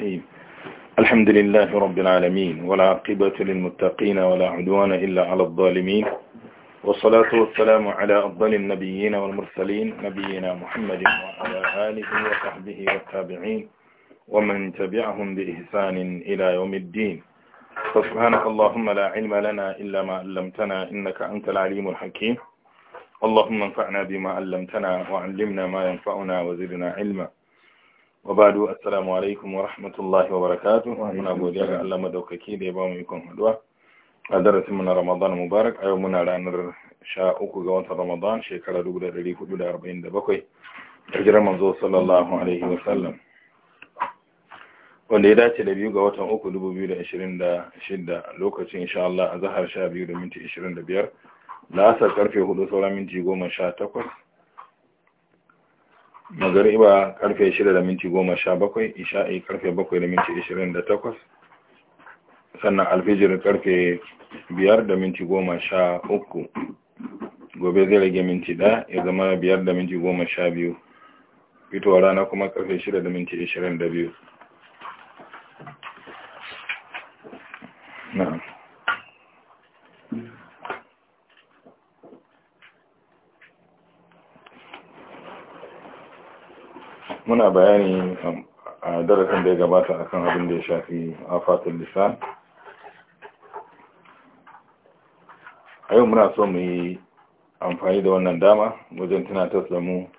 الرحيم الحمد لله رب العالمين والعاقبة للمتقين ولا عدوان إلا على الظالمين والصلاة والسلام على أفضل النبيين والمرسلين نبينا محمد وعلى آله وصحبه والتابعين ومن تبعهم بإحسان إلى يوم الدين فسبحانك اللهم لا علم لنا إلا ما علمتنا إنك أنت العليم الحكيم اللهم انفعنا بما علمتنا وعلمنا ما ينفعنا وزدنا علما wa badu assalamu alaikum wa rahmatullahi wa barakatu muna godiya ga Allah madaukaki da ya ba mu ikon haduwa a darasin mu na Ramadan Mubarak a yau muna ranar 13 ga watan Ramadan shekara 1447 hijirar manzo sallallahu alaihi wa sallam wanda ya dace da biyu ga watan 3 2026 lokacin insha Allah a zahar 12 da minti 25 la'asar karfe 4 sauran minti 18 magariba karfe 6 da minti 17 isha'i karfe 7 da minti 28 sannan alfijir karfe 5 da minti 13 gobe zai rage minti 1 ya zama 5 da minti 12 fitowa rana kuma karfe 6 da minti 22 na muna bayani a darasin da ya gabata akan abin da ya shafi a fatan lisan a yau muna so mu yi amfani da wannan dama wajen tunatar da mu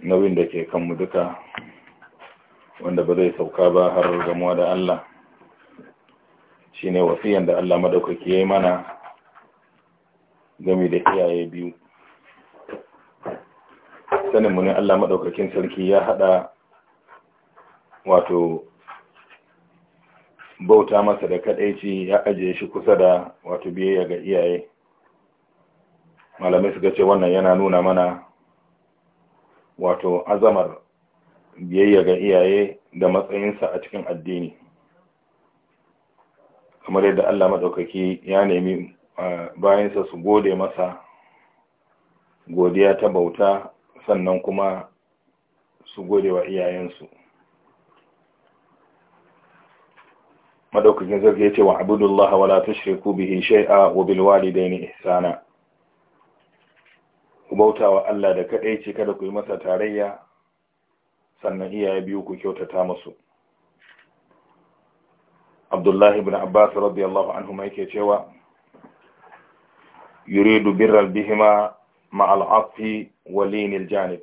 nauyin da ke kanmu duka wanda ba zai sauka ba har gamuwa da Allah shine wasiyan da Allah madaukaki ya yi mana game da iyaye biyu sanin munin Allah Madaukakin sarki ya haɗa wato bauta masa da kaɗaici ya ajiye shi kusa da wato biyayya ga iyaye malamai suka ce wannan yana nuna mana wato azamar biyayya ga iyaye da matsayinsa a cikin addini kamar yadda Allah maɗaukaki ya nemi eh, bayansa su gode masa godiya ta bauta sannan kuma su gode wa iyayensu madaukakin zarge ya ce wa abudullaha wala tushriku bihi shai'a wa bil walidaini ihsana ku bauta wa Allah da kadai ce kada ku yi masa tarayya sannan iyaye biyu ku kyautata masu. Abdullahi ibn Abbas radiyallahu anhu mai yake cewa yuridu birral bihima مع wali ولين الجانب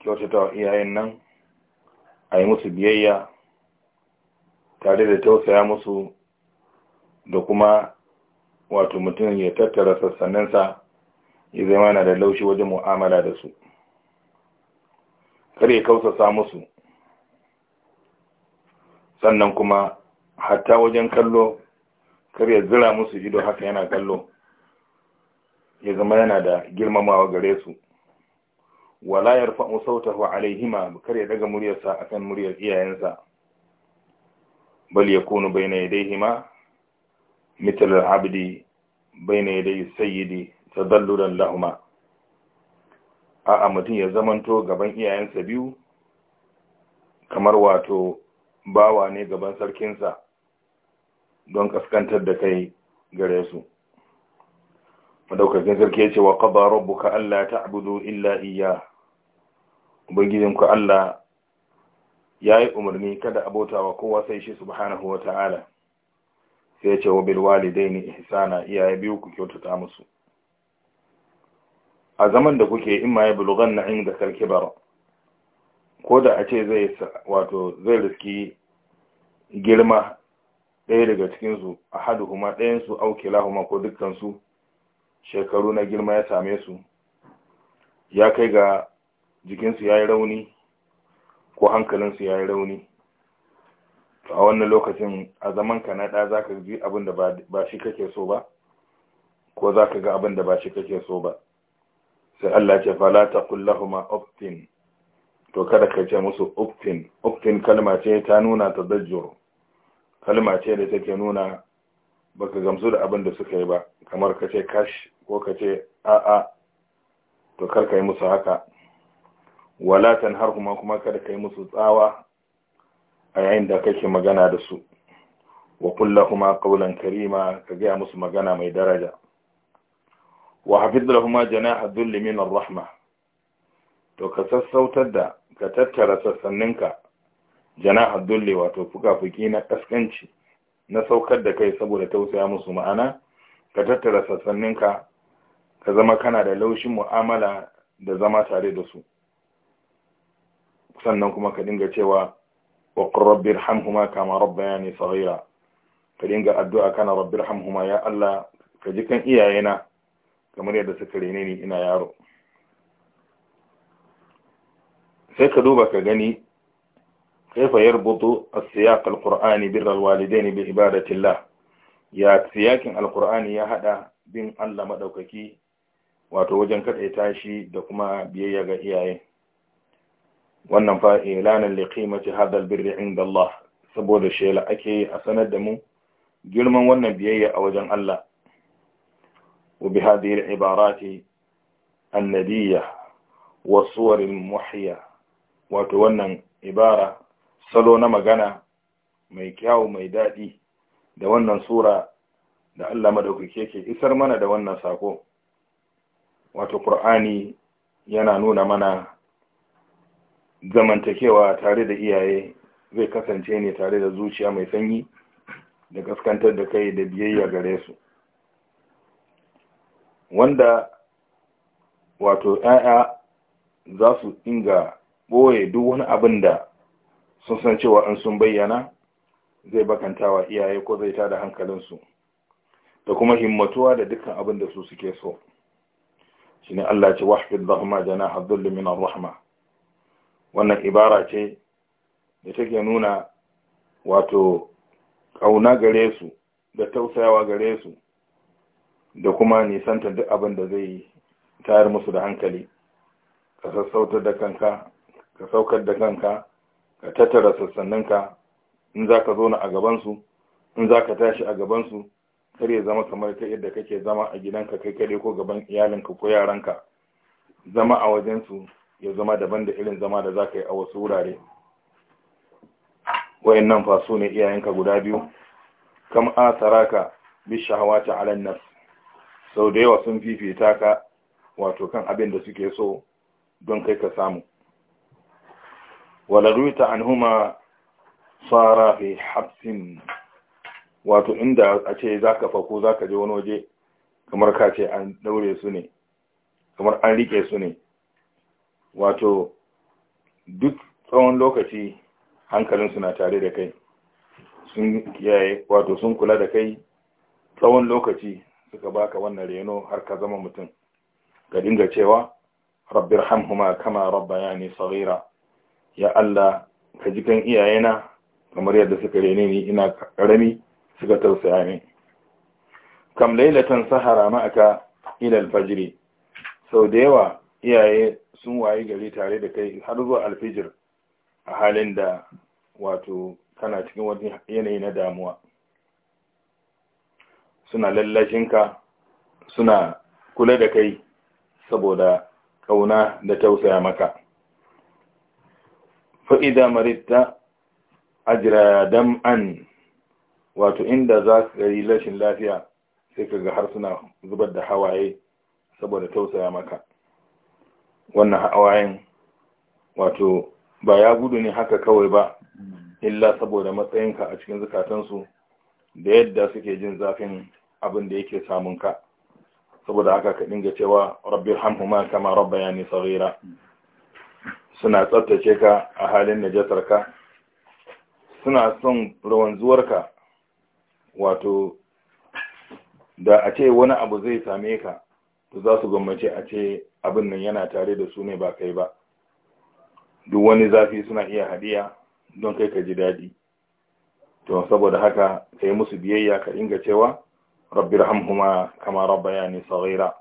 kyautata iyayen nan a yi musu biyayya tare da tausaya musu da kuma wato mutum ya tattara sassaninsa ya zama yana da laushi wajen mu'amala da su kar ya kausasa musu sannan kuma hatta wajen kallo kar ya zira musu ido haka yana kallo ya zama yana da girmamawa gare su wala yarfa'u sautahu alaihima kar ya daga muryarsa akan muryar iyayensa bal yakunu bayna yadayhima mithl al-abdi bayna yaday sayyidi tadallulan lahuma a'a mutum ya zamanto gaban iyayensa biyu kamar wato bawa ne gaban sarkinsa don kaskantar da kai gare su madaukakin sarki ya ce wa qada Allah alla ta'budu illa iyyah ubangijinku Allah ya yi umarni kada wa kowa sai shi subhanahu ta'ala sai ya ce wa ni walidaini ihsana iyaye biyu ku kyautata musu a zaman da kuke in ma ya bulugan na inda sarki bar. ko da a ce zai wato zai riski girma ɗaya daga cikinsu a haduhuma ɗayansu aukila huma ko dukkansu shekaru na girma ya same su ya kai ga jikinsu ya yi rauni ko hankalinsu ya yi rauni a wannan lokacin a ka na ɗa za ka ji abin da ba shi kake so ba ko za ka ga abin da ba shi kake so ba sai Allah ce fala ta kullahuma optin to kada ka ce musu optin optin kalma ce ta nuna ta kalma ce da take nuna baka gamsu da abin da suka yi ba kamar ka ce kash ko ka ce a'a to kar ka yi musu haka walatan har kuma kuma kada ka yi musu tsawa a yayin da kake magana da su wa kullahuma qawlan karima ka gaya musu magana mai daraja wa hafiz janaha dhulli min ar-rahma to ka sassautar da ka tattara sassanninka janaha dhulli wato fuka-fuki na kaskanci na saukar da kai saboda tausaya musu ma'ana ka tattara sassaninka ka zama kana da laushin mu'amala da zama tare da su sannan kuma ka dinga cewa wa rabbir hamhuma kama rabbayani saghira ka dinga addu'a kana rabbir hamhuma ya Allah ka ji kan iyayena kamar yadda suka rene ni ina yaro sai ka duba ka gani كيف يربط السياق القرآني بر الوالدين بعبادة الله يا سياق القرآن يا هذا بين الله مدوككي wato wajen kaɗaita shi da kuma biyayya ga iyaye wannan fa ilanan li qimati hadha albirri inda Allah saboda shela ake a sanar da mu girman wannan biyayya a wajen Allah wa bi hadhihi alibarati annabiyya wa suwar wato wannan ibara salo na magana mai kyawu mai daɗi da wannan sura da Allah madaukake ke isar mana da wannan sako wato Qur'ani yana nuna mana zamantakewa tare da iyaye zai kasance ne tare da zuciya mai sanyi da gaskantar da kai da biyayya gare su wanda wato ‘ya'ya za su inga ɓoye duk wani abin da sun san cewa in sun bayyana zai bakantawa iyaye ko zai tada hankalinsu da kuma himmatuwa da dukkan abin da su suke so shine Allah ce wahfid lahuma jana dhulli min ar-rahma wannan ibara ce da take nuna wato kauna gare su da tausayawa gare su da kuma nisanta duk abin da zai tayar musu da hankali ka sassautar da kanka ka saukar da kanka ka tattara sassaninka in za ka zauna a gabansu in za ka tashi a gabansu kar ya zama kamar ta yadda kake zama a gidanka kai kaɗai ko gaban iyalinka ko yaranka zama a wajensu ya zama daban da irin zama da za ka yi a wasu wurare wayannan fa su ne iyayenka guda biyu kam a saraka asaraka ta alan nas sau da yawa sun fifita ka wato kan abin da suke so don kai ka samu walaruita an huma tsara fi hapsin wato inda a ce za ka faku za ka je wani waje kamar ka ce an daure su ne kamar an rike su ne wato duk tsawon lokaci hankalinsu na tare da kai sun kiyaye wato sun kula da kai tsawon lokaci suka baka wannan reno har ka zama mutum ga dinga cewa rabbir hamhuma kama rabbayani saghira ya Allah ka ji kan iyayena kamar yadda suka rene ni ina karami suka tausaya ni kam lailatan sahara ma'aka ila alfajr sau da yawa iyaye sun wayi gari tare da kai har zuwa alfijir a halin da wato kana cikin wani yanayi na damuwa suna lallashin ka, suna kula da kai saboda kauna da tausaya maka Fa'ida maritta ajira dam'an wato inda za ka gari rashin lafiya sai ka ga harsuna zubar da hawaye saboda tausaya maka wannan hawayen wato ba ya gudu ne haka kawai ba illa saboda matsayinka a cikin zukatansu da yadda suke jin zafin abin da yake samunka saboda haka ka dinga cewa rabbi hamhuma kama rabbayani saghira suna tsabtace ka a halin ka suna son rawanzuwarka wato da a ce wani abu zai same ka to za su gwammace a ce abin nan yana tare da su ne ba kai ba duk wani zafi suna iya haɗiya, don kai ka ji daɗi to saboda haka ka yi musu biyayya ka inga cewa rabbir hamhuma kama rabbayani saghira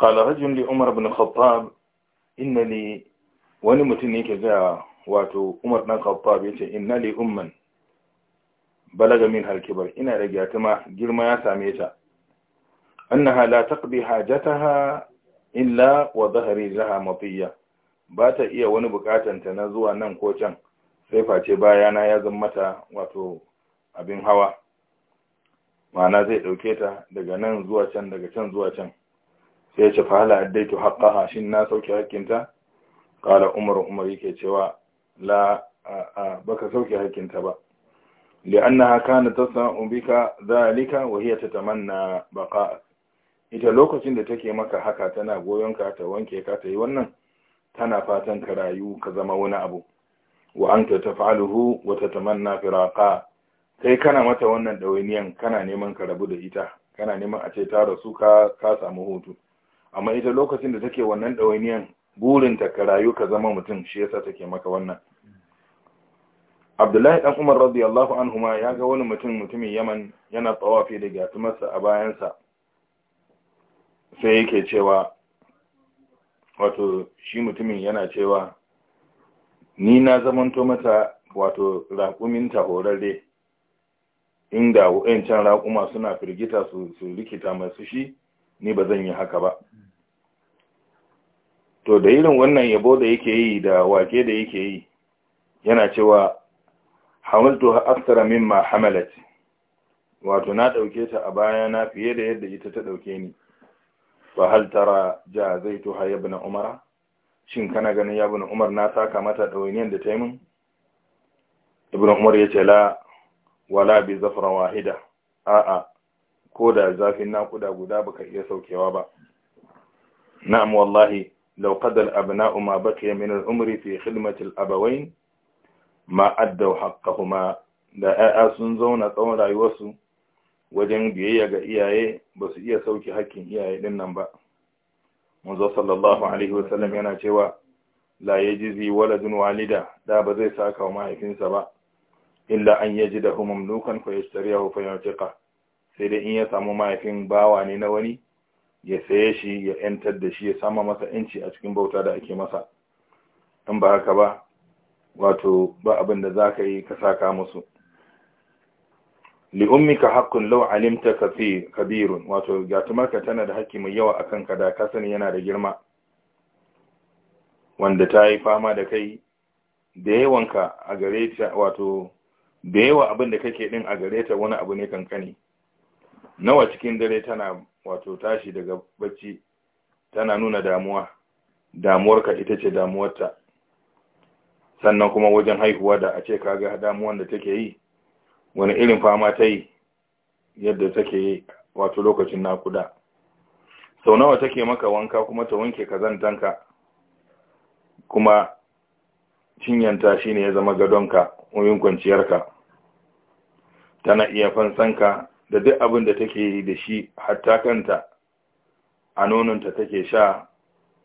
qala قال رجل umar بن khattab inna wani mutum yake ke wato umar ɗan khattab yace inna li umman balaga min harkibar ina da ma girma ya same ta Annahala la taqdi hajataha illa wa dhahri laha mafiya ba ta iya wani bukatan ta na zuwa nan ko can sai face bayana ya zama mata wato abin hawa ma'ana zai dauke ta daga nan zuwa can daga can zuwa can sai ce fa hala addaitu haqqaha shin na sauke hakkinta qala umar umar yake cewa la baka sauke hakkinta ba annaha kanat tasna'u bika dhalika wa hiya tatamanna baqa'a ita lokacin da take maka haka tana goyon ka ta wanke ka ta yi wannan tana fatan ka rayu ka zama wani abu wa anta taf'aluhu wa tatamanna firaqa kai kana mata wannan dawainiyan kana neman ka rabu da ita kana neman a ce ta rasu ka ka samu hutu amma ita lokacin da take wannan ɗawainiyan burinta ka rayu ka zama mutum shi yasa take maka wannan abdullahi dan umar radiyallahu anhuma ya ga wani mutum mutumin yaman yana tsawafi da gatumarsa a bayansa sai yake cewa wato shi mutumin yana cewa ni na zamanto mata wato raƙuminta horarre inda wayancan raƙuma suna firgita su rikita masu shi ni ba zan yi haka ba to da irin wannan yabo da yake yi da wake da yake yi yana cewa hamaltu aksara mimma hamalat wato na ɗauke ta a baya na fiye da yadda ita ta ɗauke ni Ba hal tara ja zaitu ha ibn umar shin kana ganin ya ibn umar na saka mata dawainiyan da ta yi min ibn umar yace la wala bi zafra wahida a'a ko da zafin naƙuda guda baka iya saukewa ba na'am wallahi law qada al-abna'u ma baqiya min umri fi khidmati al-abawayn ma addaw kuma da 'ya'ya sun zauna tsawon rayuwarsu wajen biyayya ga iyaye ba su iya sauke hakkin iyaye dinnan nan ba manzo sallallahu alaihi wasallam yana cewa la yajizi waladun walida da ba zai saka wa mahaifinsa ba illa an ji yajidahu mamlukan fa yashtariyahu fa yutiqa sai dai in ya samu mahaifin bawa ne na wani ya saye shi ya ‘yantar da shi ya sama masa ‘yanci a cikin bauta da ake masa in ba haka ba wato ba abin da za ka yi ka saka musu ka haƙƙun lau alimta kabirun wato gatumarka tana da haƙƙi mai yawa a kanka da ka sani yana da girma wanda ta yi fama da kai da yawanka a gare ta wato da yawa abin da kake ɗin a gare ta wani abu ne kankani nawa cikin dare tana wato tashi daga bacci tana nuna damuwa damuwarka ita ce damuwarta sannan kuma wajen haihuwa da a ce ka ga damuwan da take yi wani irin fama ta yi yadda take yi wato lokacin nakuda sau nawa take maka wanka kuma ta wanke kazantanka kuma cinyanta shine ya zama gadonka wuyin kwanciyarka tana iya fansanka da duk abin da take yi da shi hatta kanta a nononta take sha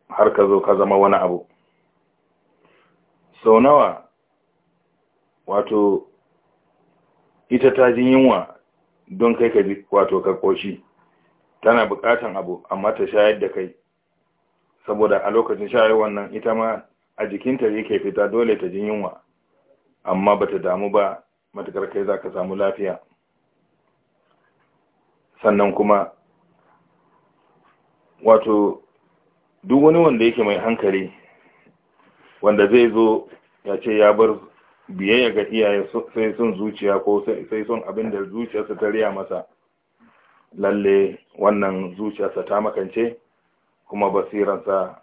har ka zo ka zama wani abu sau nawa wato ita ta jin yunwa don kai ka bi wato ka koshi tana bukatan abu amma ta shayar da kai saboda a lokacin yi wannan ita ma a jikinta yake fita dole ta jin yunwa amma bata damu ba matakar kai za ka samu lafiya sannan kuma wato duk wani wanda yake mai hankali wanda zai zo ya ce ya bar biyayya ga iyaye sai sun zuciya ko sai sun abin da zuciyarsa ta riya masa lalle wannan zuciyarsa ta makance kuma basiransa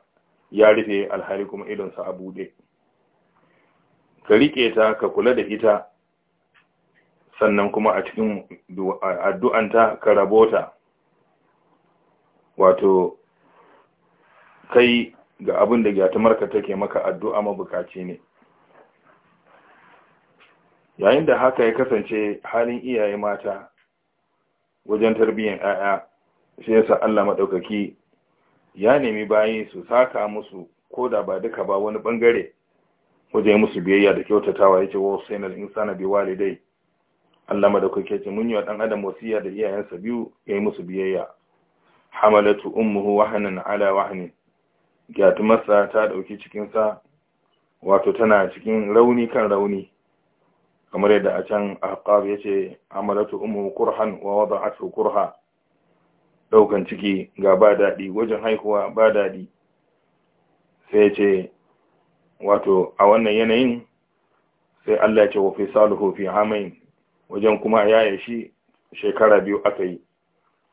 ya rufe alhali kuma idonsa a buɗe ka riƙe ta ka kula da ita sannan kuma a cikin addu'anta ka rabota wato kai ga abin da gyatumarka take maka addu'a mabukaci ne yayin da haka ya kasance halin iyaye mata wajen tarbiyyar ‘ya'ya shi yasa Allah maɗaukaki ya nemi bayi su saka musu ko da ba duka ba wani ɓangare wajen musu biyayya da kyautatawa wa sai na insana biwa dai Allah madaukake ce mun yi wa dan adam wasiya da iyayensa biyu yayi musu biyayya hamalatu ummuhu wahanan ala wahnin gyatumarsa ta dauki cikin sa wato tana cikin rauni kan rauni kamar yadda a can ahqab yace hamalatu ummuhu kurhan wa wada'atu kurha daukan ciki ga ba dadi wajen haihuwa ba dadi sai yace wato a wannan yanayin sai Allah ya ce wa fisaluhu fi amain wajen kuma yaya shi shekara biyu aka yi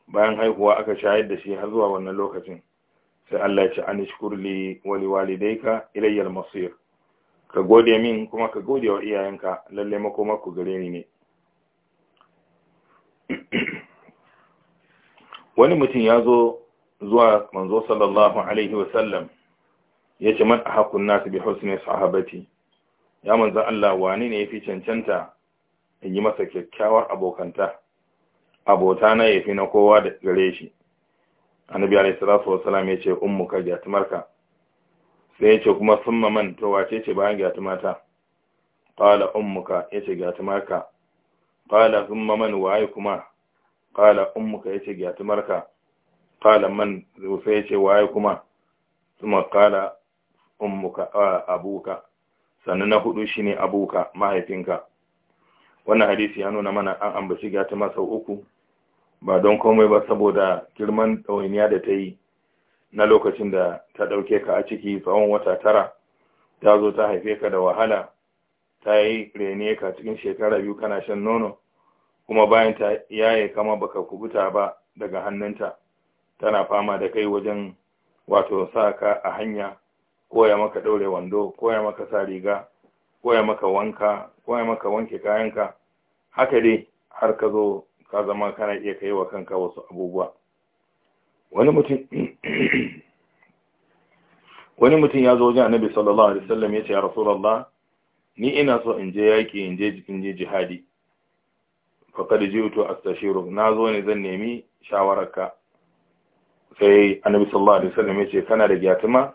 bayan haihuwa aka shayar da shi har zuwa wannan lokacin sai Allah ya ce an shkurli wali walidayka ilayyal masir ka gode min kuma ka gode wa iyayenka lalle makoma ku gare ni ne wani mutum ya zo zuwa manzo sallallahu alaihi sallam, ya ce man ahakun nasu bi husni sahabati ya manzo Allah wani ne yafi cancanta in yi masa kyakkyawar abokanta abota na fi na kowa da gare shi annabi alaihi salatu wassalam ya ce ummuka ka sai ya ce kuma summa man to wace ce bayan ta. qala ka ya ce ka qala summa man waye kuma qala ka ya ce ka qala man sai ya ce waye kuma summa qala ka abuka sannan na hudu shine abuka mahaifinka wannan hadisi ya nuna mana an ambaci gata sau uku ba don komai ba saboda girman ɗawainiya da ta yi na lokacin da ta ɗauke ka a ciki tsawon wata tara ta zo ta haife ka da wahala ta yi rene ka cikin shekara biyu kana shan nono kuma bayan ta yaye kama baka kubuta ba daga hannunta tana fama da kai wajen wato sa ka a hanya koya maka ɗaure wando koya maka sa riga koya maka wanka koya maka wanke kayanka haka dai har ka zo ka zama kana iya kai wa kanka wasu abubuwa wani mutum wani mutum ya zo wajen annabi sallallahu alaihi wasallam ya ce ya rasulullah ni ina so in je yaki in je jikin je jihadi faqad ji'tu astashiru na zo ne zan nemi shawararka sai annabi sallallahu alaihi wasallam ya ce kana da gyatuma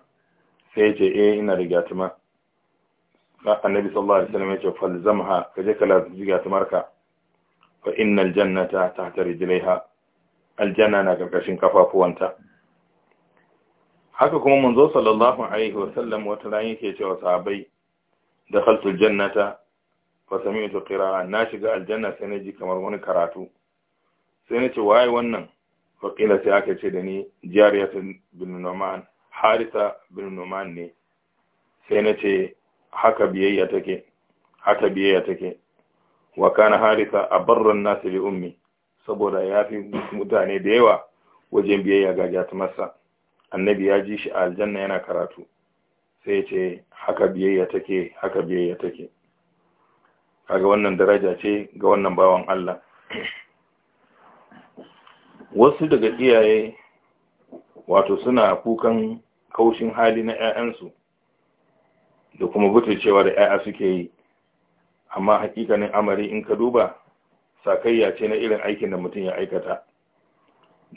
sai ya ce eh ina da gyatuma annabi sallallahu alaihi wasallam ya ce falzamha kaje kala gyatumarka wa innal jannata tahta rijlaiha aljanna na karkashin kafafuwanta haka kuma manzo sallallahu alaihi wa sallam, wata ran yake cewa sahabbai dakhaltu aljannata fa sami'tu qira'a na shiga aljanna sai na ji kamar wani karatu sai na ce waye wannan fa qila sai aka ce da ni jariyatun bin numan harisa bin numan ne sai na ce haka biyayya take haka biyayya take wa kana harisa a barran nasu li ummi saboda ya fi mutane da yawa wajen biyayya ga jatumarsa annabi ya ji shi a aljanna yana karatu sai ce haka biyayya take haka biyayya take kaga wannan daraja ce ga wannan bawan Allah wasu daga iyaye wato suna kukan kaushin hali na 'ya'yansu da kuma butulcewa da 'ya'ya suke yi amma hakikanin amari in ka duba sakayya ce na irin aikin da mutum ya aikata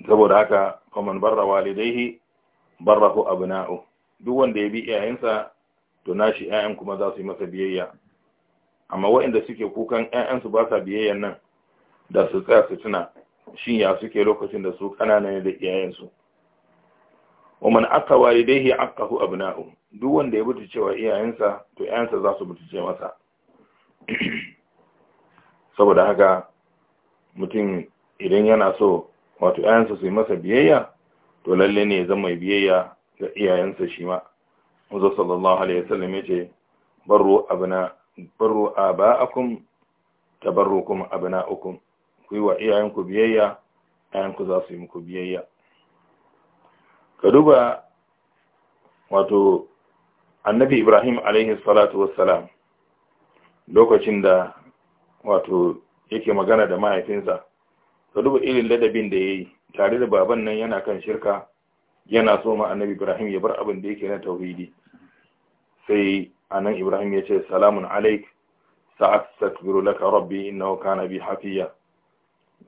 saboda haka faman barra walidaihi barrahu abna'u duk wanda ya bi iyayensa to nashi ƴaƴan kuma za su yi masa biyayya amma waɗanda suke kukan ƴaƴansu ba sa biyayyan nan da su tsaya su tuna shin ya suke lokacin da su kanana ne da iyayensu wa man aka walidaihi aqahu abna'u duk wanda ya butuce cewa iyayensa to 'ya'yansa za su butuce masa saboda haka mutum idan yana so wato ‘ya'yansa su yi masa biyayya to lalle ne zan mai biyayya ga iyayensa shi ma muzo sallallahu alaihi wasallam ya ce barro abina barro a ba’akun ta barro kuma abina ukun ku yi wa iyayenku biyayya ‘ya'yanku za su yi muku biyayya ka duba wato annabi ibrahim alaihi salatu wassalam lokacin da wato yake magana da mahaifinsa ka duba irin ladabin da ya yi tare da baban nan yana kan shirka yana so ma annabi ibrahim ya bar abin da yake na tauhidi sai anan ibrahim ya ce salamun alaik sa'ad sa'astaghfiru laka rabbi innahu kana bi hafiya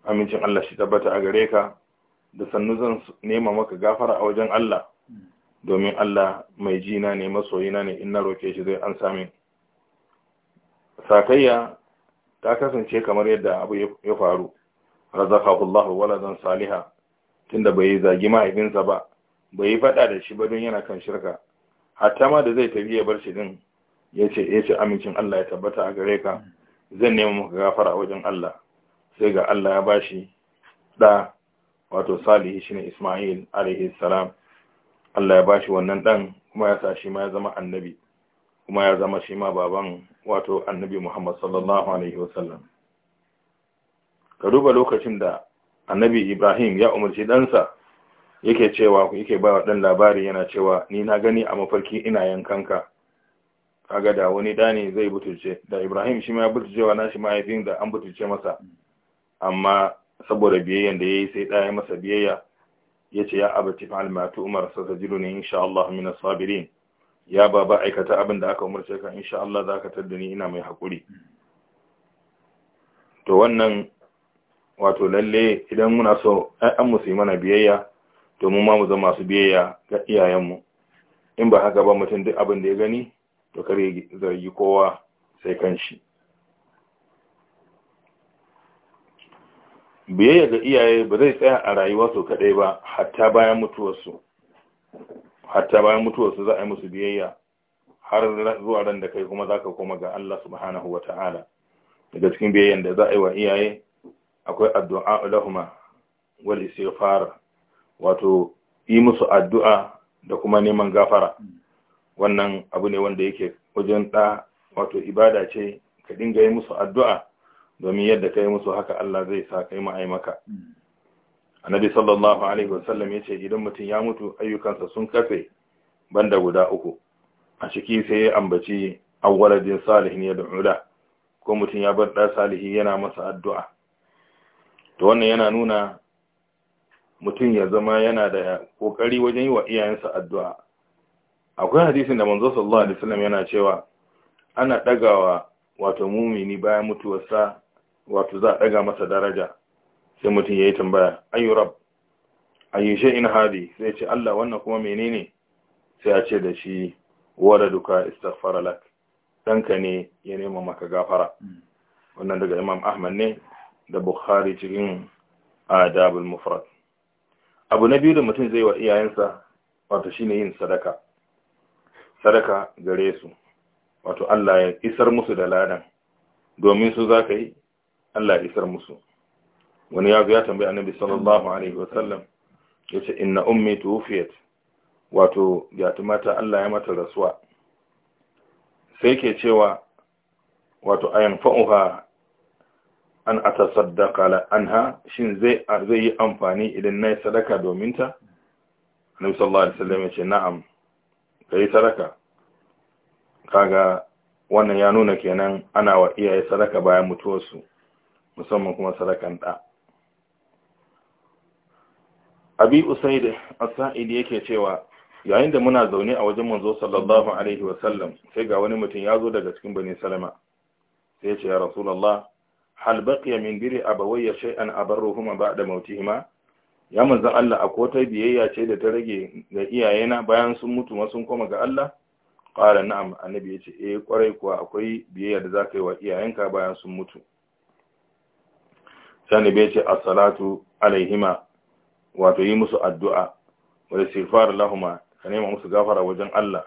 amincin Allah shi tabbata a gare ka da sannu zan nema maka gafara a wajen Allah domin Allah mai jina ne masoyina ne in na roke shi zai an sami sakayya ta kasance kamar yadda abu ya faru razaqahu waladan saliha tunda bai zagi mahaifinsa ba bai faɗa da shi ba don yana kan shirka hatta ma da zai tafi ya bar shi din yace yace amincin Allah ya tabbata a gare ka zan nemi maka gafara wajen Allah sai ga Allah ya bashi da wato salihi shine Isma'il alaihi salam Allah ya bashi wannan dan kuma ya sa shi ma ya zama annabi kuma ya zama shi ma baban wato annabi Muhammad sallallahu alaihi wasallam ka duba lokacin da annabi Ibrahim ya umarci ɗansa yake cewa yake ba ɗan labari yana cewa ni na gani a mafarki ina yankan Ka kaga da wani dani zai butulce da Ibrahim shi ma ya butulcewa na shi mahaifin da an butulce masa amma saboda biyayyan da ya yi sai ɗaya masa biyayya ya ce ya abati fa'al ma tu'mar ne, insha Allah min as-sabirin ya baba aikata abin da aka umarce ka insha Allah za ka tadda ni ina mai haƙuri to wannan wato lalle idan muna so an musu mana biyayya to mu ma mu zama masu biyayya ga iyayenmu in ba haka ba mutum duk abin da ya gani to kare zargi kowa sai kanshi biyayya ga iyaye ba zai tsaya a rayuwa su kaɗai ba hatta bayan mutuwarsu hatta bayan mutuwarsu za a yi musu biyayya har zuwa ran da kai kuma za ka koma ga Allah subhanahu wa ta'ala daga cikin biyayyan da za a yi wa iyaye akwai addu'a lahuma wal istighfar wato yi musu addu'a da kuma neman gafara wannan abu ne wanda yake wajen da wato ibada ce ka dinga yi musu addu'a domin yadda ka yi musu haka Allah zai sa kai ma'aimaka annabi sallallahu alaihi wasallam ya ce idan mutum ya mutu ayyukansa sun kafe banda guda uku a ciki sai ya ambaci awwaladin salihin ya da'ula ko mutum ya bar da salihi yana masa addu'a to wannan yana nuna mutum ya zama yana da kokari wajen yi wa iyayensa addu'a akwai hadisin da manzo sallallahu alaihi wasallam yana cewa ana dagawa wato mumini bayan mutuwarsa wato za a daga masa daraja sai mutum ya yi tambaya ayu rab ayu shay'in hadi sai ce Allah wannan kuma menene sai a ce da shi waladuka istaghfara lak danka ne ya nema maka gafara wannan daga Imam Ahmad ne da Bukhari cikin Adabul Mufrad abu na biyu da mutum zai wa iyayensa wato shine yin sadaka sadaka gare su wato Allah ya isar musu da ladan domin su zaka yi Allah ya isar musu wani ya zo ya tambaya annabi sallallahu alaihi wasallam ya ce inna ummi tuwfiyat wato yatimata Allah ya mata rasuwa sai ke cewa wato ayan fa'uha an atasaddaqa anha shin zai zai yi amfani idan nayi sadaka domin ta annabi sallallahu alaihi wasallam ya ce na'am kai sadaka kaga wannan ya nuna kenan ana wa iyaye sadaka bayan mutuwarsu musamman kuma sadakan da abi usaid as yake cewa yayin da muna zaune a wajen manzo sallallahu alaihi wa sallam sai ga wani mutum ya zo daga cikin bani salama sai ya ce ya rasulullah hal baqiya min biri abawayya shay'an abarruhuma ba'da mautihima ya manzo Allah akwai wata biyayya ce da ta rage ga iyayena bayan sun mutu ma sun koma ga Allah ƙara na'am annabi ya ce eh kwarai kuwa akwai biyayya da za ka yi wa iyayenka bayan sun mutu sani bai ce assalatu alaihima wato yi musu addu'a wa istighfar lahuma ka nema musu gafara wajen Allah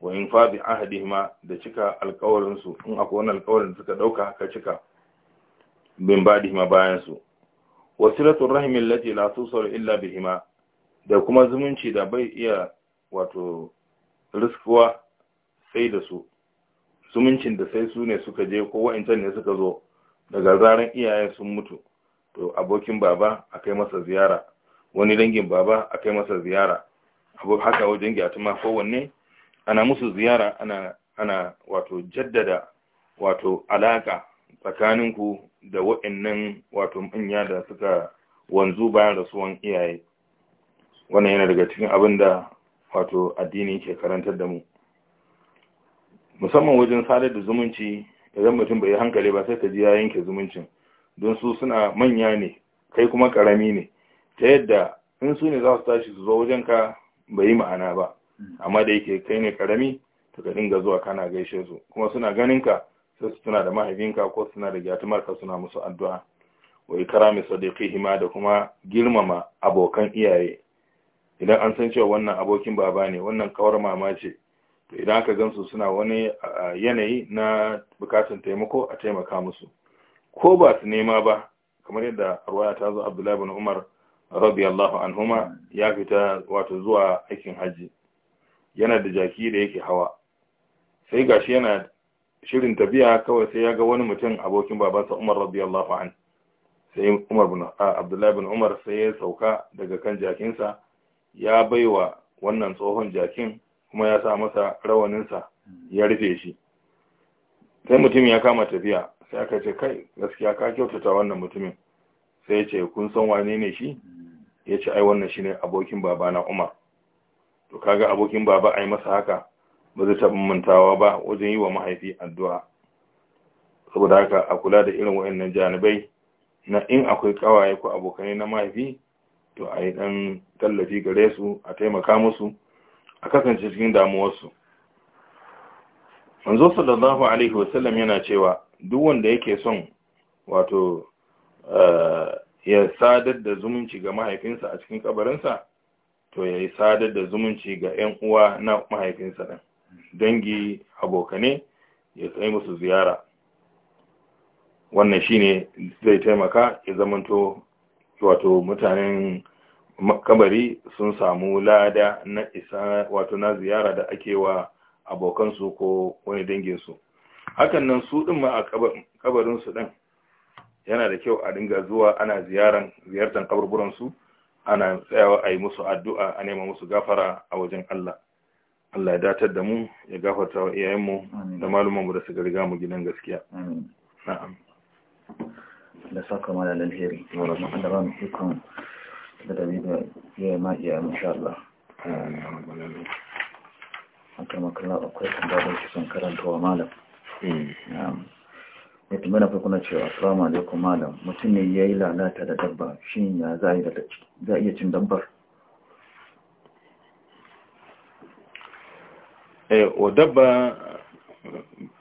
wa in infadi ahadihima da cika alƙawarin su in akwai wani alƙawarin da suka ɗauka ka cika bin badihima bayan su wasilatul rahim allati la tusal illa bihima da kuma zumunci da bai iya wato riskuwa sai da su zumuncin da sai su ne suka je ko wa'incan ne suka zo daga zaran iyayen sun mutu to abokin baba a kai masa ziyara wani dangin baba a kai masa ziyara abu haka wajen gyatuma kowanne ana musu ziyara ana ana wato jaddada wato alaka tsakaninku da wa'annan wato manya da suka wanzu bayan rasuwan iyaye wannan yana daga cikin abin da wato addini ke karantar da mu musamman wajen sadar da zumunci idan mutum bai yi hankali ba sai ka ji ya yanke zumuncin don su suna manya ne kai kuma karami ne ta yadda in su ne za su tashi su zo wajenka bai yi ma'ana ba amma da yake kai ne karami to ka dinga zuwa kana gaishe su kuma suna ganin ka sai su tuna da mahaifinka ko suna da gyatumar ka suna musu addu'a Wai mai ikrami hima da kuma girmama abokan iyaye idan an san cewa wannan abokin baba ne wannan kawar mama ce to idan aka gansu suna wani yanayi na bukatun taimako a taimaka musu ko ba su nema ba kamar yadda arwaya ta zo Abdullahi bin Umar radiyallahu anhuma ya fita wato zuwa aikin haji yana da jaki da yake hawa sai gashi yana shirin tafiya kawai sai ya ga wani mutum abokin babansa Umar radiyallahu an sai Umar bin Abdullahi bin Umar sai ya sauka daga kan jakinsa ya baiwa wannan tsohon jakin kuma ya sa masa rawaninsa ya rufe shi sai mutum ya kama tafiya sai aka ce kai gaskiya ka kyautata wannan mutumin sai ya ce kun san wane ne shi ya ce ai wannan shi ne abokin baba na umar to kaga abokin baba a yi masa haka ba zai taɓa mantawa ba wajen yi wa mahaifi addu'a saboda haka a kula da irin wa'annan janibai na in akwai kawaye ko abokanai na mahaifi to a yi ɗan tallafi gare su a taimaka musu a kasance cikin damuwarsu manzo sallallahu alaihi wasallam yana cewa duk wanda yake son wato ya sadar da zumunci ga mahaifinsa a cikin kabarinsa to ya yi sadar da zumunci ga 'yan uwa na mahaifinsa ɗin dangi abokane ya tsaye musu ziyara wannan shine zai taimaka ya zamanto wato mutanen kabari sun samu lada na isa wato na ziyara da ake wa abokansu ko wani danginsu hakan nan su ɗin ma a kabarinsu ɗin yana da kyau a dinga zuwa ana ziyaran ziyartar kaburburan su ana tsayawa a yi musu addu'a a nema musu gafara a wajen Allah Allah ya datar da mu ya gafarta wa iyayenmu da mu da suka riga mu gidan gaskiya na'am da saka mana alheri wa rahmatullahi mu barakatuh da da ya ma iya insha Allah akwai kan da karanta karantawa malam hmm. ya tambaya farko na cewa assalamu alaikum malam mutum ne ya yi lalata da dabba shi ya za a iya cin dabbar eh o dabba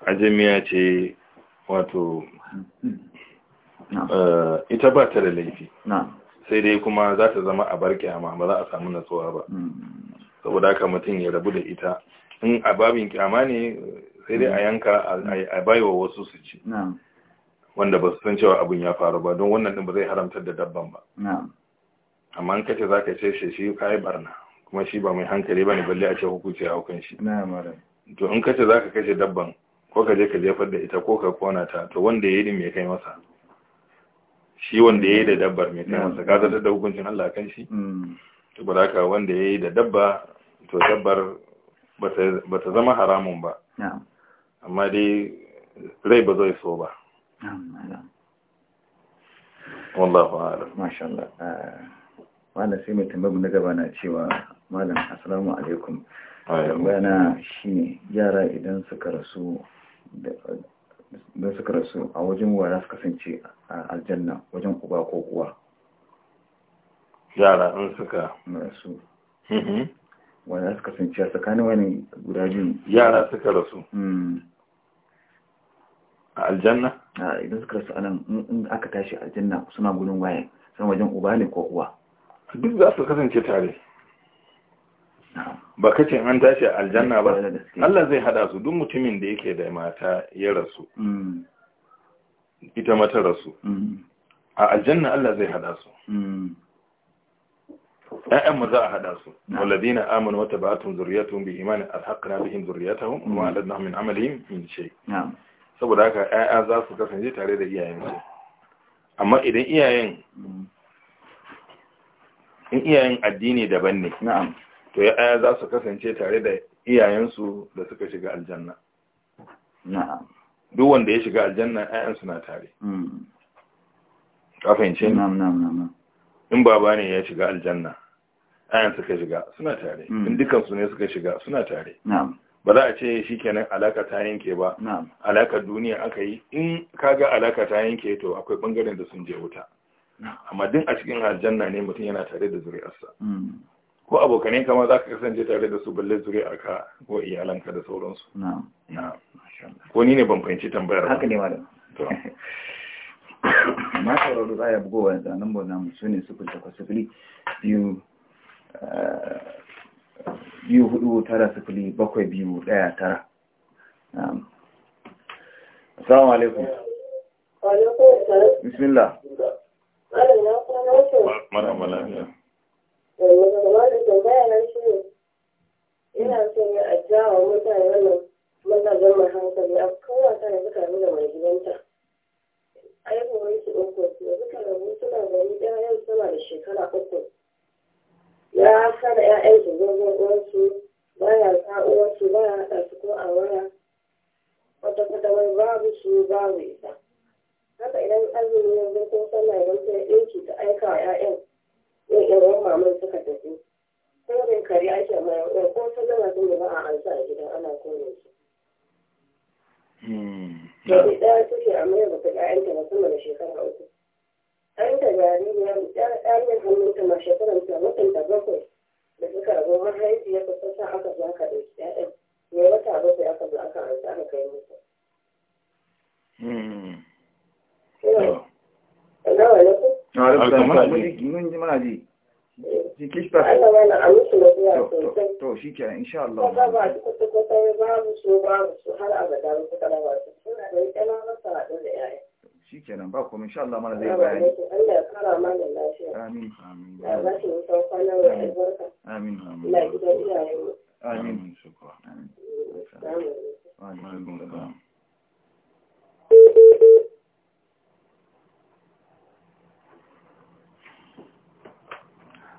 ajamiya ce wato eh, ita ba ta da laifi sai dai kuma za ta zama a barke amma ba za a samu natsuwa ba mm. saboda haka mutum ya rabu da ita in a babin kyama ne sai dai a mm. yanka a baiwa wasu su ci wanda ba su san cewa abin ya faru ba don wannan din ba zai haramtar da dabban ba amma an kace ka ce shi shi kai barna kuma shi ba mai hankali ne balle a ce hukunci a hukun shi to in kace ka kashe dabban ko ka je ka jefar da ita ko ka kona ta to wanda ya yi din me kai masa shi wanda ya yi da dabbar me kai masa ka zata da hukuncin Allah kan shi mm. to ba ka wanda ya yi da dabba to dabbar ba ta zama haramun ba amma dai rai ba zai so ba wallahu ala masha Allah ah, wanda sai mai tambayi na gaba na cewa malam assalamu alaikum tambaya shine yara idan suka rasu don suka rasu a wajen wara su kasance a aljanna wajen uba ko uwa yara in suka rasu mm-hmm. wanda suka kasance a tsakanin wani guda biyu yara suka rasu hmm. a aljanna idan suka rasu anan in aka tashi aljanna suna gudun waye sun wajen uba ne ko uwa duk za su kasance tare ba kace an tashi aljanna ba Allah zai hada su duk mutumin da yake da mata ya rasu hmm. ita mata rasu hmm. a aljanna Allah zai hada su ƴaƴan mu za a hada su walladina amanu wa tabatun zurriyatuhum bi imanin alhaqna bihim zurriyatahum wa mm-hmm. aladnahum min amalihim min shay saboda haka ƴaƴa za su kasance tare da iyayensu amma idan iyayen mm-hmm. in iyayen addini daban ne na'am to ƴaƴa za su kasance tare da iyayensu da suka shiga aljanna na'am duk wanda ya shiga aljanna ƴaƴansu na tare mm-hmm. ka fahimce na'am na'am na'am in baba ne ya shiga aljanna ayan suka shiga suna tare hmm. in su ne suka shiga suna tare ba za a ce shi kenan alaka ta yanke ba alaka duniya aka yi in kaga alaka ta yanke to akwai bangaren da sun je wuta amma din a cikin aljanna ne mutum yana tare da zuri'arsa hmm. ko abokane kama za ka kasance tare da su balle zuri'arka ko iyalanka da sauransu ko ni ne ban fahimci tambayar ba haka ne to amma sauraro za a yabi gowa da lambar namu su ne sufuri takwas eh, biyu hudu tara sufuri bakwai biyu daya tara assalamu alaikum bismillah ina son ya ajiya wa mutane wannan mazajen hankali a kowa da suka nuna mai gidanta a yi horon su uku na kan rabu suna yau sama da shekara ya hana 'ya'yan su zama uwansu baya ta uwansu baya a waya wata kwata babu su babu ita haka idan azumi ya zo ko sallah idan ta ɗauki ta aika wa 'ya'yan yin irin maman suka a Sai ɗaya suke amma ya bata ɗayanta ba sama da shekara uku. An ta jaririya ɗayan hannunta ma shekaranta mutunta bakwai da suka rabu mahaifiyar ta sassa aka zo aka ɗauki ɗayan. mai wata bakwai aka zo aka ansa aka kai musu. Hmm. Nawa ne ku? Nawa ne ku? Nawa ne ku? jiki ta to shi ke insha Allah ba ba duk ta ko babu so babu so har abada ba ta ba suna da ita ma ba sa da yaya shi ba kuma insha Allah mana zai bayani Allah ya kara mana lafiya amin amin ya ba shi na albarka amin amin iyaye amin shukran amin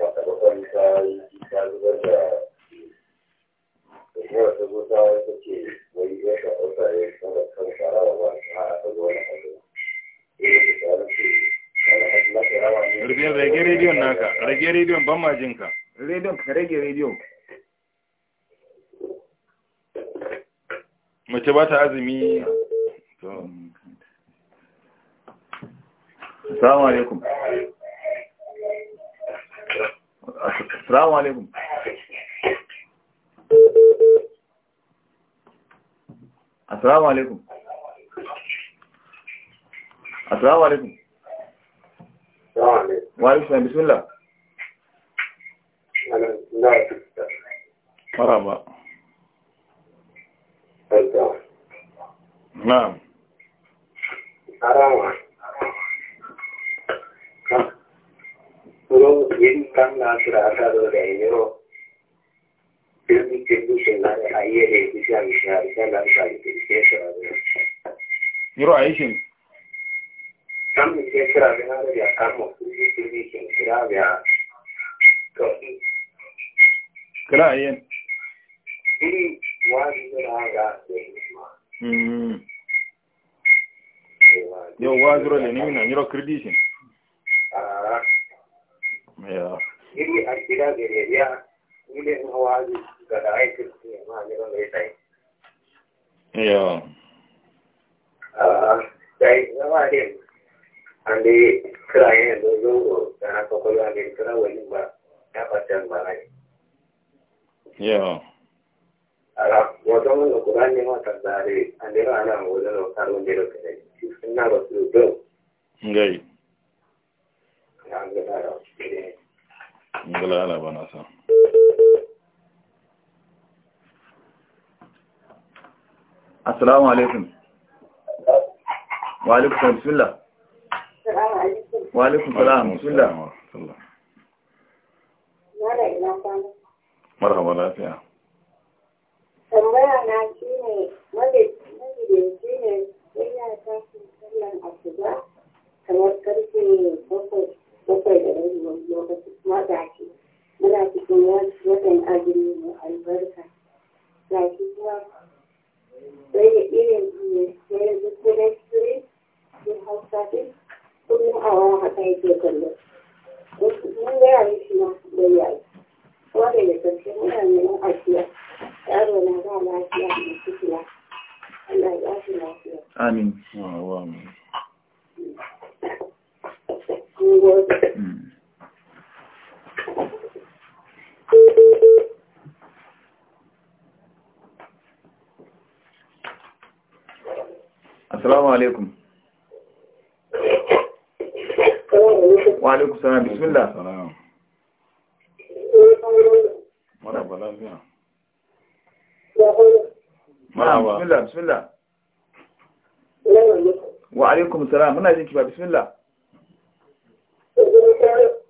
sakamakon ta yi ta zubar da kuma ta ce ɗauka kan ba ta zo rage rediyon naka rage rediyon ban majinka rediyon ka rage rediyon mace ba ta azumi Assalamu alaikum. السلام عليكم السلام عليكم السلام عليكم وعليكم السلام بسم الله مرحبا نعم عليكم Uruguay Canna tratado de enero permitiendo llegar a ayer y visualizar la satisfacción. Yiro Aishin. Samun ke kira da hada da kamo kuri kuri ke kira da to. Kira ayen. Iri wani da hada da kuma. Mm. Yo waziro ne ni na yiro kredishin. Ah. iya jadi kira gare ya ilin hawa ga itu aikin su ya ma ne ya. Ah, dai zama ne. Ande kira yin da zo da na kokolo ande kira ya fatan ba ne. Yo. Ala, wato mun ko ran ne itu tare ande ngala bana sa assalamu alaikum wa alaikum wa alaikum salam bismillah marhaba lafiya tambaya na shi ne wanda shi ne yana tashin sallan asuba kamar karfe bakwai da rabi cikin da Amin. Assalamu alaikum. Wa alaikum salam bismillah. Maraba lafiya. Maraba bismillah bismillah. Wa alaikum salam muna ba bismillah.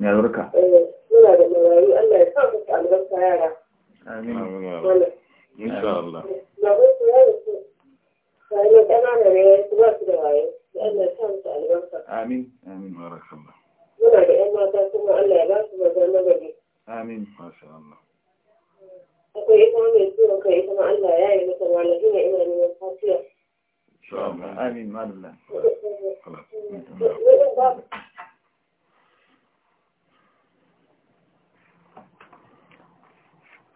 ya zurka muna da marayu Allah ya sa musu albarka yara amin insha Allah na wasu yara su sai ne kanana ne su ba su da waye Allah ya sa musu albarka amin amin barakallah muna da yan mata kuma Allah ya ba su maza na gari amin masha Allah akwai ita mai ciwon kai ita ma Allah ya yi mata malami ne ina neman fasiya Amin, Madalla. Kala.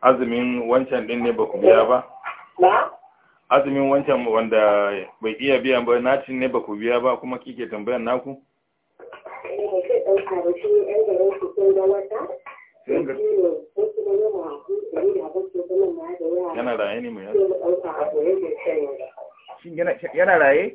azumin wancan din ne ba ku biya ba na azumin wancan wanda bai iya biya ba cin ne ba ku biya ba kuma kike tambayar naku eh, yana raye ne mai yana raye?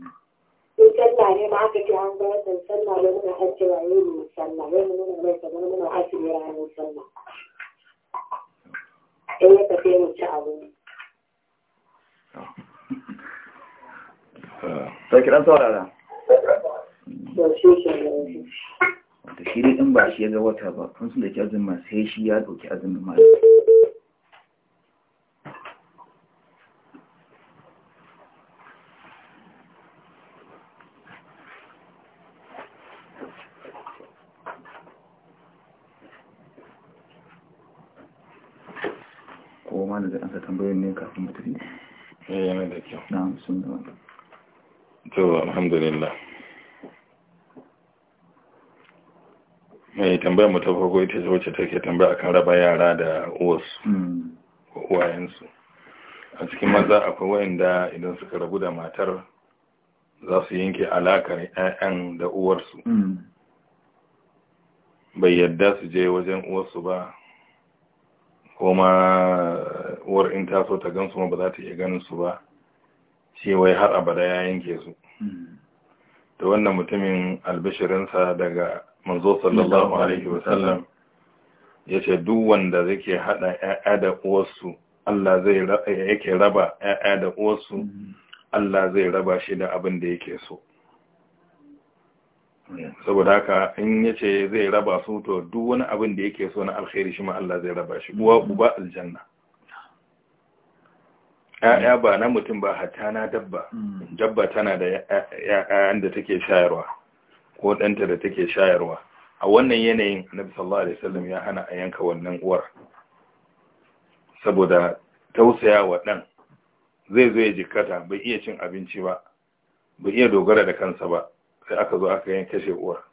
ko sallah ne ma aka ce an ga wannan sallah ne muna an cewa yi ne sallah yau ne muna mai kamar muna asiri ranar sallah in ya tafi mu ci abu sai kiran saurara da shi dai in ba shi ya ga wata ba kun sun da ke azumma sai shi ya ɗauki azumin malam kafin eh, mai tambayar mu ta farko ita ce wacce take tambaya akan raba yara da uwarsu hmm. ko uwayensu a cikin maza akwai wayanda idan suka rabu da matar za su yanke alakar 'ya'yan da uwarsu hmm. bai yadda su je wajen uwarsu ba ko ma uwar in ta so ta gansu ma ba za ta iya ganin su ba shi wai har abada ya yanke su da wannan mutumin albishirinsa daga manzo sallallahu alaihi wasallam ya ce duk wanda zake hada ‘ya'ya da uwarsu Allah zai yake raba ‘ya'ya da uwarsu mm. Allah zai raba shi da abin da yake so saboda haka in ya ce zai raba su to duk wani abin da yake so na alkhairi shi ma Allah zai raba shi uwa uba aljanna ya'ya ba na mutum ba hatta na dabba mm. dabba tana da ya'yan da take shayarwa ko ɗanta da take shayarwa a wannan yanayin annabi sallallahu alaihi wasallam ya hana a yanka wannan uwar saboda tausaya wa ɗan zai zo ya jikata bai iya cin abinci ba bai iya dogara da kansa ba sai aka zo aka yin kashe uwar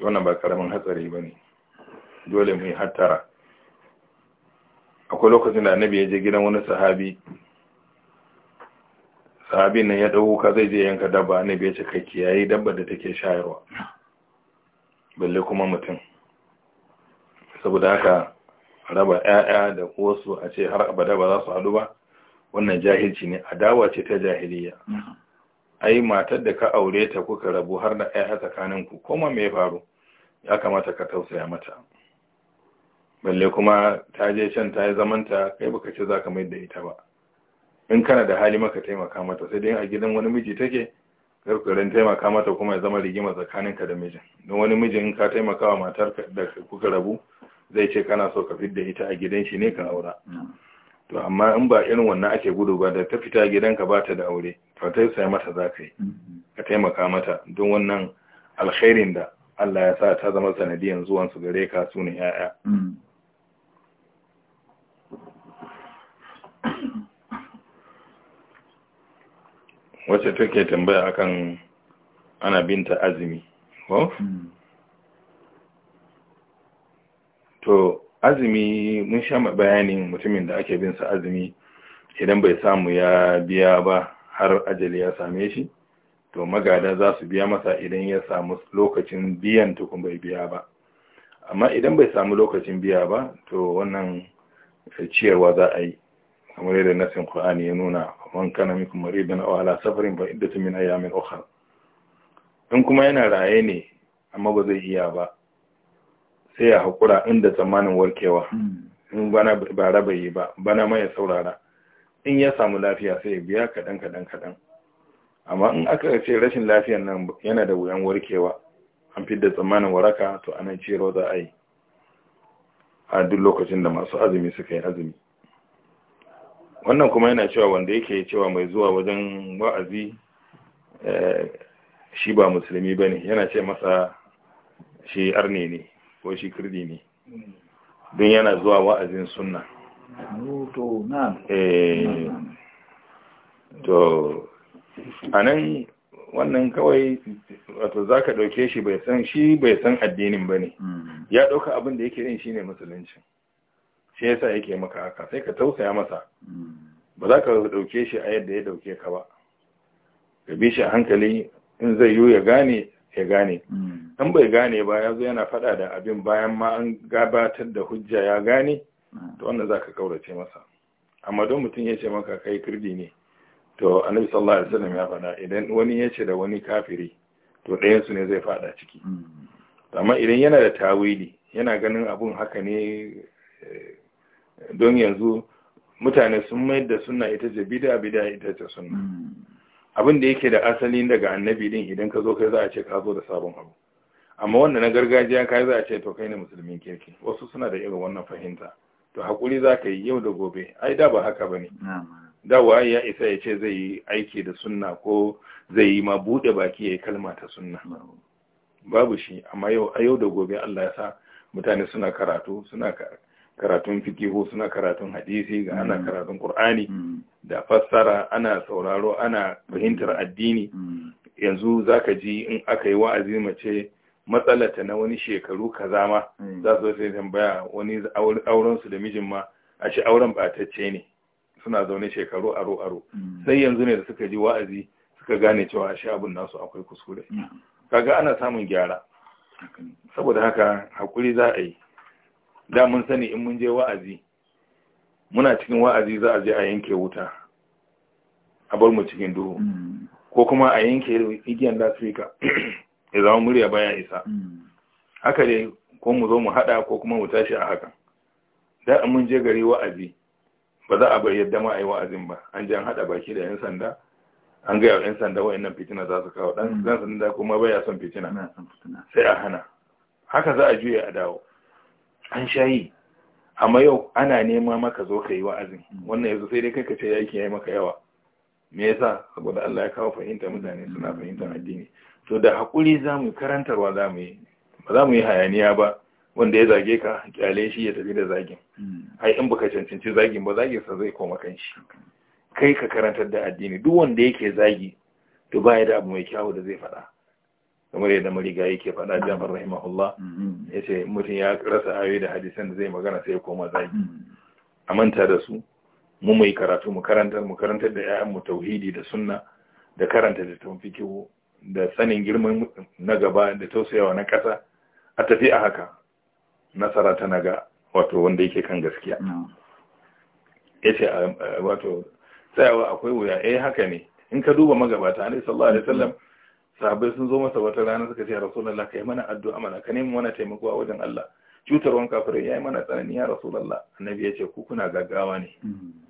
wannan ba karamin hatsari ba ne dole mu yi hattara akwai lokacin da annabi ya je gidan wani sahabi sahabin nan ya ka zai je yanka dabba annabi ya ce kai kiyaye dabba da take shayarwa balle kuma mutum saboda haka raba 'ya'ya da wasu a ce har abada ba za su haɗu ba wannan jahilci ne adawa ce ta jahiliya ai matar da ka aure ta kuka rabu har da ɗaya tsakanin ku koma me faru ya kamata ka tausaya mata balle kuma ta je can ta yi zamanta kai baka ce za ka mai da ita ba in kana da hali maka taimaka mata sai dai a gidan wani miji take karkarin taimaka mata kuma ya zama rigima tsakaninka da mijin don wani mijin in ka taimaka wa matar da kuka rabu zai ce kana so ka fidda ita a gidan shi ne ka aura mm. to amma in ba irin wannan ake gudu ba da ta fita gidanka ba ta da aure ka tausaya mata za ka ka taimaka mata don wannan alkhairin da Allah ya sa ta zama sanadiyan zuwan su gare ka su 'ya'ya. Wace wacce take tambaya akan ana binta azumi ko to azumi mun sha bayanin mutumin da ake bin sa azumi idan bai samu ya biya ba har ajali ya same shi to magada za su biya masa idan ya samu lokacin biyan tukun bai biya ba amma idan bai samu lokacin biya ba to wannan ciyarwa za a yi kamar yadda nasin kur'ani ya nuna wani kanami kuma maridan aw safarin fa iddatu min ayamin ohar in kuma yana raye ne amma ba zai iya ba sai ya haƙura inda tsammanin warkewa hmm. in bana ba rabayi ba bana ma ya saurara in ya samu lafiya sai ya biya kaɗan kaɗan kaɗan amma in aka ce rashin lafiyan nan yana da wuyan warkewa an fi da tsammanin waraka to anan ciro za a yi a duk lokacin da masu azumi suka yi azumi wannan kuma yana cewa wanda yake cewa mai zuwa wajen wa'azi eh, shi ba musulmi ba ne yana ce masa shi arne ne ko shi kirdi ne hmm. don yana zuwa wa'azin sunna Eh, to a nan wannan kawai wato za ka ɗauke shi bai san shi bai san addinin ba ne hmm. ya ɗauka abin da yake yin shi ne musulunci shi yasa yake maka haka sai ka tausaya masa hmm. ba za ka ɗauke shi a yadda ya ɗauke ka ba ka bi shi a hankali in zai yiwu ya gane ya gane hmm. in bai gane ba ya zo yana faɗa da abin bayan ma an gabatar da hujja ya gane to wannan za ka kaurace masa amma don mutum ya ce maka kai kirdi ne to annabi sallallahu alaihi wasallam ya faɗa idan wani ya ce da wani kafiri to ɗayan su ne zai faɗa ciki hmm. amma idan yana da tawili yana ganin abun haka ne eh, don yanzu mutane sun mayar da sunna ita ce bida bida ita ce sunna hmm. abin da yake da asali daga annabi din idan ka zo kai za a ce ka zo da sabon abu amma wanda na gargajiya kai za a ce to kai ne musulmin kirki wasu suna da irin wannan fahimta to hakuri za ka yi yau da gobe ai da ba haka ba ne da waye ya isa ya ce zai yi aiki da sunna ko zai yi ma buɗe baki ya yi kalma ta sunna babu shi amma yau a yau da gobe Allah ya sa mutane suna karatu suna karatun fikihu suna karatun hadisi ga ana mm. karatun qur'ani mm. da fassara ana sauraro ana fahimtar addini mm. yanzu zaka ji in aka yi wa'azi mace matsalata na wani shekaru kaza ma hmm. za su sai tambaya wani auren da mijin ma a shi auren batacce ne suna zaune shekaru aro aro hmm. sai yanzu ne da suka ji wa'azi suka gane cewa a shi abin nasu akwai kuskure hmm. kaga ana samun gyara saboda haka hakuri za a yi da mun sani in mun je wa'azi muna cikin wa'azi za a je a yanke wuta a bar mu cikin duhu ko kuma a yanke igiyar lasfika ya zama murya baya isa hmm. haka dai ko mu zo mu hada ko kuma mu tashi a haka da mun je gari wa'azi ba za a bar yadda ma a yi wa'azin ba an je an hada baki da yan sanda an gaya wa yan sanda wa'annan fitina za su kawo dan zan hmm. sanda kuma baya son fitina sai a hana haka za a juya a dawo an shayi amma yau ana nema maka zo ka yi wa'azin hmm. wannan yanzu sai dai kai ka ce yaki yayi maka yawa me yasa saboda Allah ya kawo fahimta mutane suna fahimtar addini to da hakuri za mu karantarwa za mu yi ba za mu yi hayaniya ba wanda ya zage ka kyale shi ya tafi da zagin hmm. ai in baka cancanci zagin ba zagin sa zai koma kan shi. kai ka karantar da addini duk wanda yake zagi to ya da abu mai kyawu da zai faɗa kamar yadda mariga yake faɗa jamar rahimahullah hmm. ya ce mutum ya rasa ayoyi da hadisan da zai magana sai ya koma zagi hmm. a manta da su mu mai karatu mu karantar mu karantar da 'ya'yan mu tauhidi da sunna da karanta da kyau. da sanin girman na gaba da tausayawa na ƙasa a tafi a haka nasara ta naga wato wanda yake kan gaskiya ya ce ah, ah, wato tsayawa akwai wuya eh haka ne in ka duba magabata alai sallallahu alaihi wasallam sahabbai sun zo masa wata rana suka ce ya rasulullah kai mana addu'a mana ka nemi mana taimako wajen Allah cutar cutarwan kafirai yayi mana tsanani ya rasulullah annabi ya ce ku kuna gaggawa ne mm-hmm.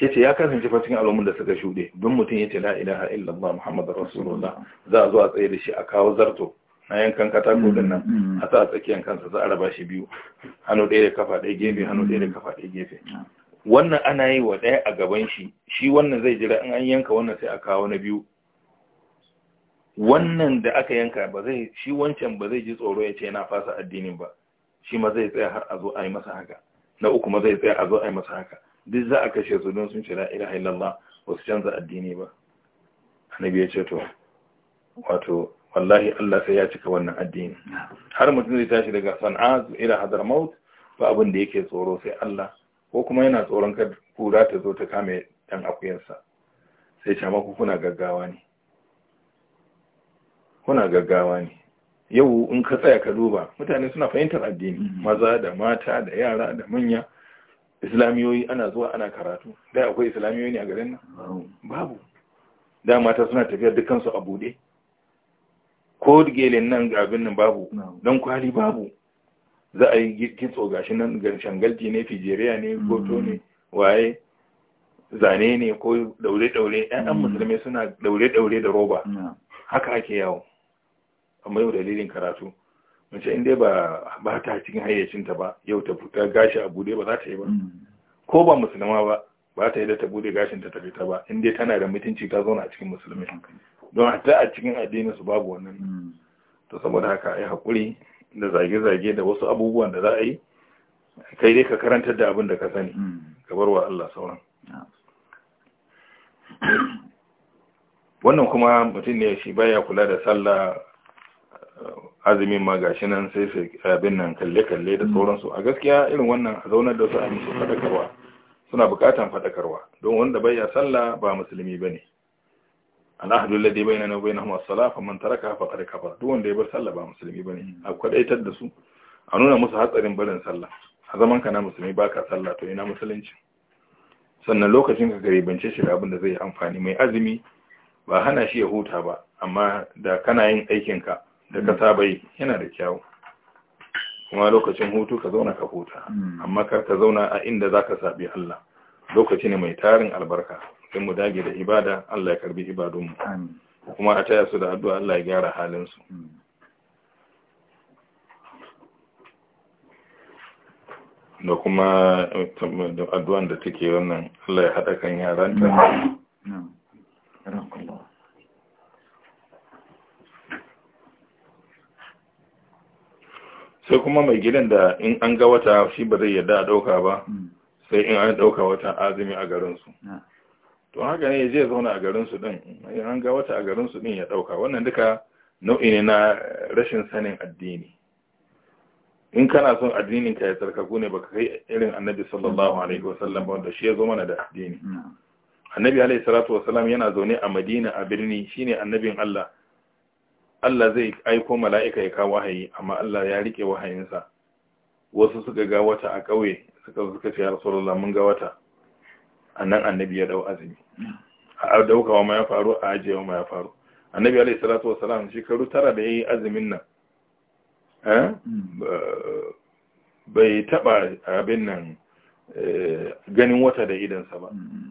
ya ce ya kasance fa cikin al'ummar da suka shuɗe don mutum ya ce la ilaha illallah muhammadu rasulullah za a zo a tsaye da shi a kawo zarto na yankan katako din nan mm-hmm. a sa a tsakiyar kansa za a raba shi biyu hannu ɗaya da kafa ɗaya gefe hannu ɗaya da kafa ɗaya gefe wannan ana yi wa ɗaya a gaban shi shi wannan zai jira in an yanka wannan sai a kawo na biyu wannan da aka yanka ba zai shi wancan ba zai ji tsoro ya ce na fasa addinin ba shi ma zai tsaya har a zo a yi masa haka na uku ma zai tsaya a zo a yi masa haka duk za a kashe su don sun ce ila illallah ba su canza addini ba annabi ya ce to wato wallahi Allah sai ya cika wannan addini har mutum zai tashi daga san'a ila maut ba abin da yake tsoro sai Allah ko kuma yana tsoron kada kura ta zo ta kame dan akuyarsa sai ce maku kuna gaggawa ne kuna gaggawa ne yau in ka tsaya ka duba mutane suna fahimtar addini mm-hmm. maza da mata da yara da manya islamiyoyi ana zuwa ana karatu da akwai islamiyoyi ne a garin nan babu da mata suna tafiya dukansu a bude ko gelin nan ga abin nan babu don kwali babu za a yi kitso gashi nan Ga shangalti ne fijeriya ne hmm. goto ne waye zane ne ko daure-daure ɗan hmm. musulmi suna daure-daure da roba hmm. haka ake yawo amma yau dalilin karatu mace in dai ba ba ta cikin hayyacinta ba yau ta fita gashi a bude ba za ta yi ba mm. ko ba musulma ba ba ta yi da ta bude gashin ta ta ba in dai tana da mutunci ta zauna a cikin musulmi don hatta a cikin addinin su babu wannan mm. to saboda haka ai hakuri da zage-zage da wasu abubuwan da za a yi kai dai ka karantar da abin da ka sani mm. ka bar wa Allah sauran wannan kuma mutum ne shi baya kula da sallah azumin ma gashi nan sai sai abin nan kalle-kalle da su. a gaskiya irin wannan a zaunar da su a musu faɗakarwa suna buƙatan faɗakarwa don wanda bai ya sallah ba musulmi ba ne al'ahadu ladai bai na bai na kuma fa man taraka fa qad duk wanda ya bar sallah ba musulmi ba ne a kwadaitar da su a nuna musu hatsarin barin sallah a zaman ka na musulmi ba ka sallah to ina musulunci sannan lokacin ka garibance shi da abin da zai amfani mai azumi ba hana shi ya huta ba amma da kana yin aikin ka da ka saba yi yana da kyau kuma lokacin hutu ka zauna ka huta hmm. amma kar ka zauna a inda zaka sabi Allah lokaci ne mai tarin albarka sai mu dage da ibada Allah ya karbi ibadunmu kuma a taya su da addu'a Allah ya gyara halin su hmm. da kuma eh, addu'an da take wannan Allah ya haɗa kan yaranta kuma mai gidan da in an ga wata shi ba zai yadda a ɗauka ba hmm. sai in an ɗauka wata azumi a garinsu to haka ne zai zauna a garinsu ɗin in an ga wata a garinsu ɗin ya ɗauka wannan duka nau'i ne na rashin sanin addini in kana son addinin ka ya tsarkaku ne baka kai irin annabi sallallahu alaihi wasallam ba wanda shi ya zo mana da addini annabi alaihi salatu wasallam yana zaune a madina a birni shine annabin Allah Allah zai aiko mala'ika ya kawo wahayi amma Allah ya rike wahayinsa wasu suka ga wata a ƙauye suka suka ce rasulullah mun ga wata A nan, annabi ya dau azumi a daukawa ma ya faru a ajiyewa ma ya faru annabi alaihi salatu wasalam shekaru tara da ya yi azumin nan eh, bai taɓa abin nan eh, ganin wata da idansa ba mm-hmm.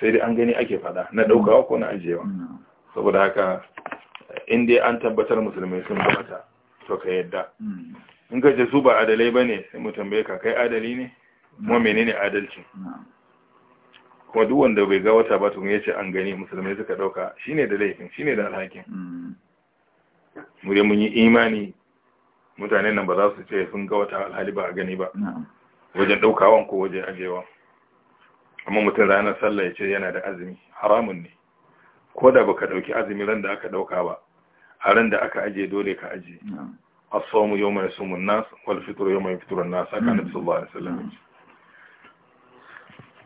sai dai an gani ake faɗa, na ɗaukawa ko na ajiyewa mm-hmm. saboda haka in dai an tabbatar musulmai sun bata to ka yadda hmm. in ka ce su ba adalai ba ne sai mu bai ka kai adali ne kuma hmm. menene adalci hmm. kuma duk wanda bai ga wata ba tun yace an gani musulmai suka dauka shine da laifin shine da alhakin mu dai mun yi imani mutanen nan ba za su ce sun ga wata alhali ba a gani ba wajen daukawan ko wajen ajewa amma mutum ranar sallah ya ce yana da azumi haramun ne ko da baka dauki azumi ran da aka dauka ba a ran da aka ajiye dole ka ajiye. as-sawmu mai yasumu nasu, nas wal fitru yawma yaftiru aka nabi sallallahu alaihi wasallam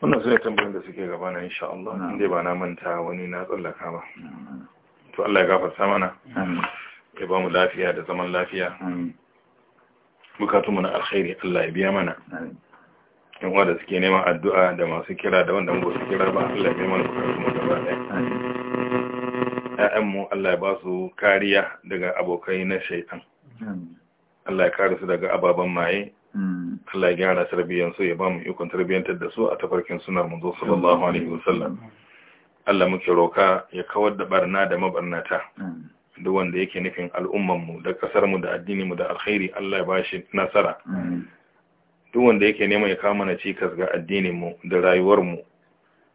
wannan sune tambayoyin da suke gaba na insha Allah inda ba na manta wani na tsallaka ba to Allah ya gafarta mana ya ba mu lafiya da zaman lafiya bukatunmu na alkhairi Allah ya biya mana yan uwa da suke neman addu'a da masu kira da wanda mu ba su kira ba Allah ya biya mana bukatunmu gaba ɗaya ‘ya'yanmu Allah ya ba su kariya daga abokai na shaitan. Allah ya kare su daga ababen maye, Allah ya gyara tarbiyyansu ya ba mu ikon tarbiyyantar da su a tafarkin sunar manzo sallallahu alaihi wasallam. Allah muke roka ya kawar da barna da mabarnata. Duk wanda yake nufin al'ummanmu da ƙasarmu da addininmu da alkhairi Allah ya ba shi nasara. Duk wanda yake neman ya kama na cikas ga addinin mu da rayuwarmu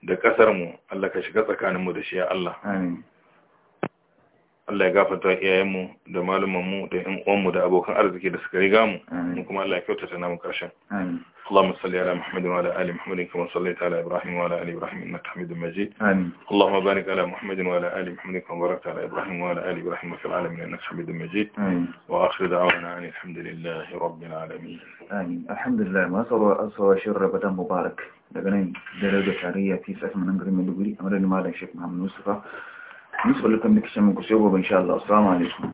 da ƙasarmu Allah ka shiga tsakaninmu da shi ya Allah. Allah ya gafarta iyayenmu da malumanmu da ƴan da abokan arziki da suka riga mu mu kuma Allah ya kyautata namu karshen amin Allahumma salli ala Muhammad wa ala ali Muhammad kama sallaita ala Ibrahim wa ala Ibrahim innaka Hamidum Majid ala Muhammad wa ala ali Muhammad kama barakta ala Ibrahim wa ala ali Ibrahim fil alamin innaka Hamidum Majid amin wa akhir da'wana an alhamdulillahi alamin amin alhamdulillah ma sarwa aswa shirra badan mubarak daga nan da rage tariya fi sa'a nan garin Maiduguri amma da malam Sheikh Muhammad Mustafa musu kwallo communication muku sai gobe insha Allah assalamu alaikum